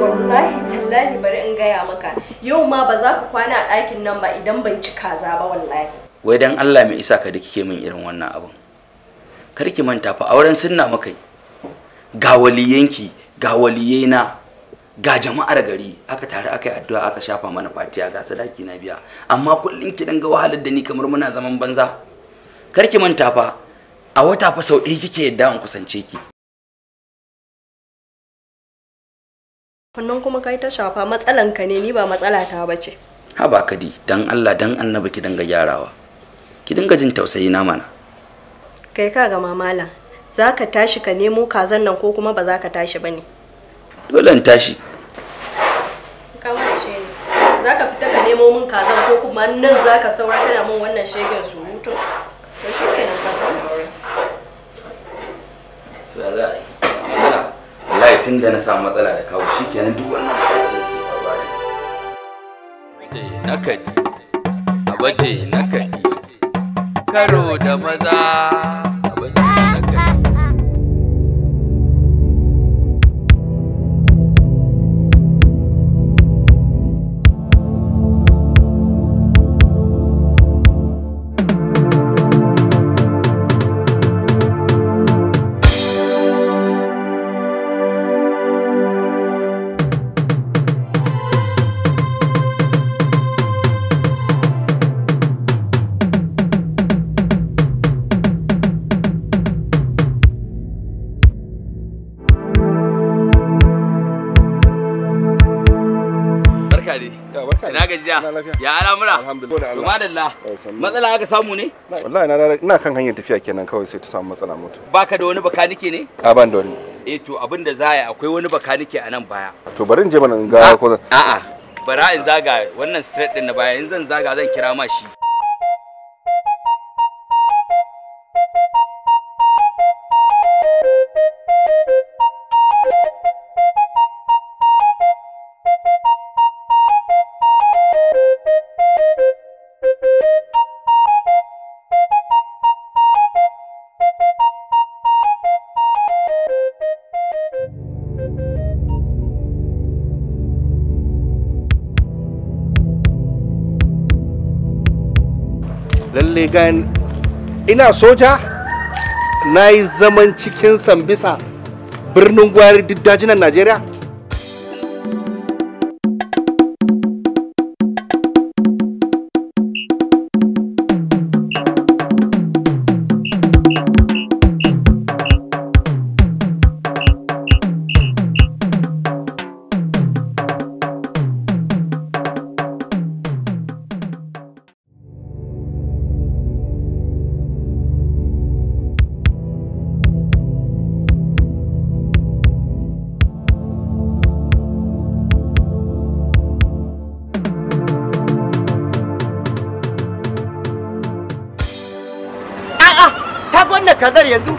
wallahi bari in gaya maka yau ma ba za ka kwana a ɗakin nan ba idan ban ci kaza ba wallahi wai dan Allah mai isa ka da kike min irin wannan abin kar ki manta fa auren sunna yi. ga waliyanki ga na. ga jama'ar gari aka tare aka yi addu'a aka shafa mana fatiya ga sadaki na biya amma kullum ki dinga wahalar da ni kamar muna zaman banza karki ki manta fa a wata fa sau ɗaya kike yadda an kusance ki wannan kuma kai ta shafa matsalan ka ne ni ba matsala ta bace ha ba kadi dan Allah dan annabi ki dinga gyarawa ki dinga jin tausayi na mana kai ka ga mamala za tashi ka nemo kazan nan ko kuma ba za ka tashi ba Dole an tashi. ka mace ni za ka fita ka nemo min kazan ko kuma nan za ka saura kana min wannan shegen surutu to shi kenan ka zama aure to wallahi tun da na samu matsala da kawo shi kenan duk wannan matsalar sun faruwa ne na kadi a baje na kaji karo da maza Ina jiya Ya al'amura. Alhamdulillah. To madalla. Matsala aka samu ne? Wallahi na ina kan hanyar tafiya kenan kawai sai ta samu matsala moto. Baka da wani bakanike ne? A ban da wani. Eh to abin da za yi akwai wani bakanike a nan baya. To bari in je mana in ga ko A'a. Bara in zaga wannan street din na baya in zan zaga zan kira ma shi. lalle gayan ina soja na yi zaman cikin sambisa birnin gwari duk dajinan najeriya kazar yanzu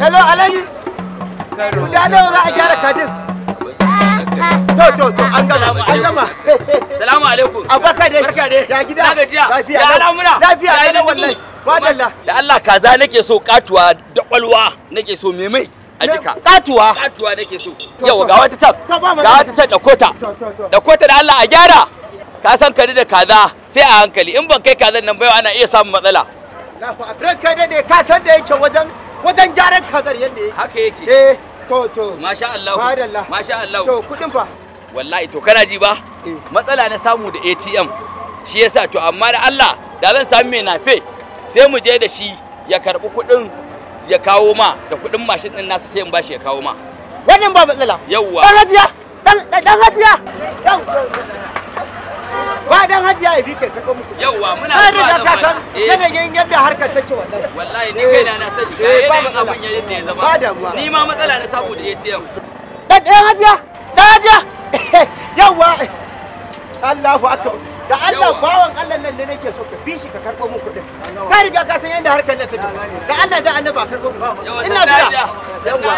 Hello Alhaji Guda nawa za a gyara kajin To to to an gama an gama Salamu alaikum Abaka dai Barka dai Ya gida Ya gajiya Lafiya Ya Lafiya Ya wallahi Da Allah kaza nake so katuwa da kwalwa nake so me mai a jika katuwa katuwa nake so Yau ga wata can ga wata can dauko ta dauko ta da Allah a gyara ka san kari da kaza sai a hankali in ban kai kazan nan bayo ana iya samun matsala ranka da ne ka san da yake wajen wajen gyaran kazar yadda yake haka yake eh to to masha Allah masha Allah to kudin fa wallahi to kana ji ba eh. matsala na samu da ATM shi yasa to amma da Allah da zan sami mai nafe sai mu je da shi ya karɓi kuɗin. ya kawo ma da kuɗin mashin ɗin nasu sai in bashi ya kawo ma wannan ba matsala yawwa dan hajiya dan dan hajiya ba dan hajiya ya bi kai ka kawo muku yawwa muna ba da ka san eh. yanayin yadda harkar take wallahi. wallahi ni kai na sani ga eh, yanayin abun yayin da ya zama ba damuwa ni ma matsala na saboda ATM dan hajiya dan hajiya yawwa Allahu akbar da Allah bawan Allah nan ne nake so ka bi shi ka karɓo mun kuɗin ka riga ka san yadda harkar nan take da Allah da Allah ba karɓo ina yawa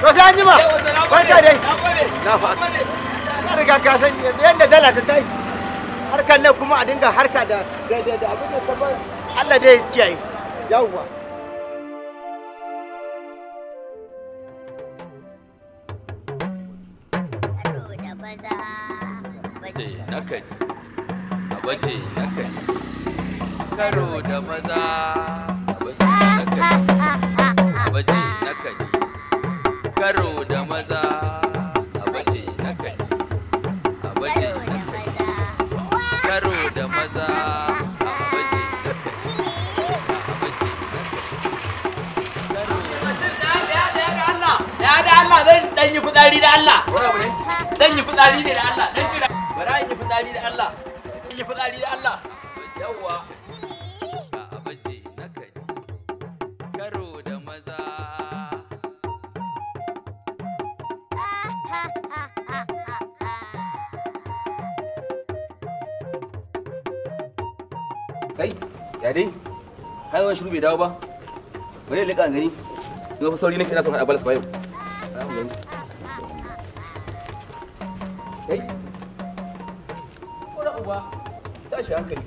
to sai barka dai na fata ka riga ka san yadda dala ta tashi harkar nan kuma a dinga harka da da da abin da Allah dai kiyaye yawa na kaji a baje na kaji karo da maza a baje na kaji karo da maza a baje na kaji a baje na kaji karo da maza a baje na kaji da Allah dan yi fitsari da Allah dan yi fitsari da Allah dan fitsari da Allah fitsari da Allah yawa kai wani shiru bai dawo ba bari lika gani yau fa sauri nake kira son hada balas ba yau kai ba tashi hankali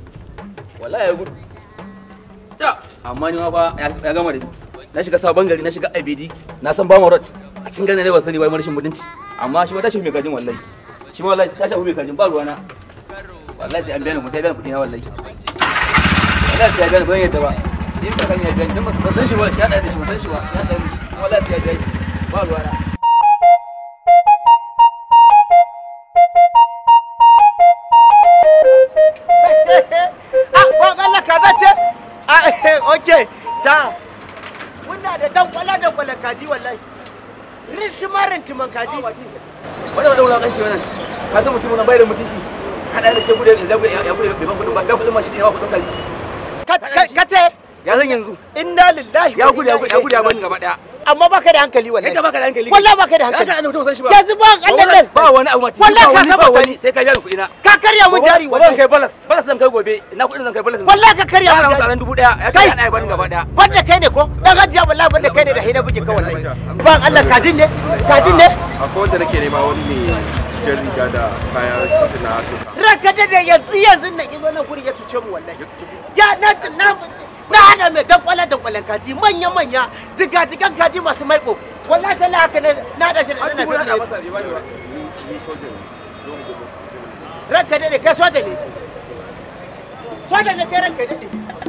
wallahi ya gudu ta amma ni ma fa ya gama da na shiga sabon gari na shiga abedi na san ba mu rot a cikin ganin ba sani wai rashin mutunci amma shi ma tashi mai gajin wallahi shi ma wallahi tashi mai gajin ba ruwana wallahi sai an biya ni sai biya kuɗi na wallahi wallahi sai ya biya ni ban yadda ba sai ka kan yadda dan ba san shi ba shi ya da shi ba san shi ba shi ya da shi wallahi sai ya biya ba ruwana okay ta muna da kaji wallahi timan kaji wannan wannan ka san mutum na bayar mutunci da shegu da ya gudu bai ban kudin ba kudin ne ya ba kudin kaji ka ce ya zan yanzu inna lillahi ya gudu ya gudu ya gudu ya bani gaba daya amma baka da hankali wallahi kai baka da hankali wallahi baka da hankali ka mutum san shi ba yanzu ba Allah nan ba wani abu mati wallahi ka saba wani sai ka jaru kudina ka karya mun jari wallahi kai balas balas zan kai gobe ina kudin zan kai balas wallahi ka karya mun jari dubu daya ya kai ana bani gaba daya banda kai ne ko dan hajiya wallahi banda kai ne da hina bijin ka wallahi ba Allah ka jin ne ka jin ne akwai wanda nake nema wani ne jan riga da kayan suti na Afirka. Ranka da yanzu yanzu na izo na guri ya cuce mu wallahi. Ya na na na dan kwala da kwalan kaji manya manya diga digan kaji masu maiko wallahi ta haka ne na hada shi da na ranka ne kai soja ne soja ne kai ranka ne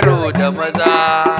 yaro da maza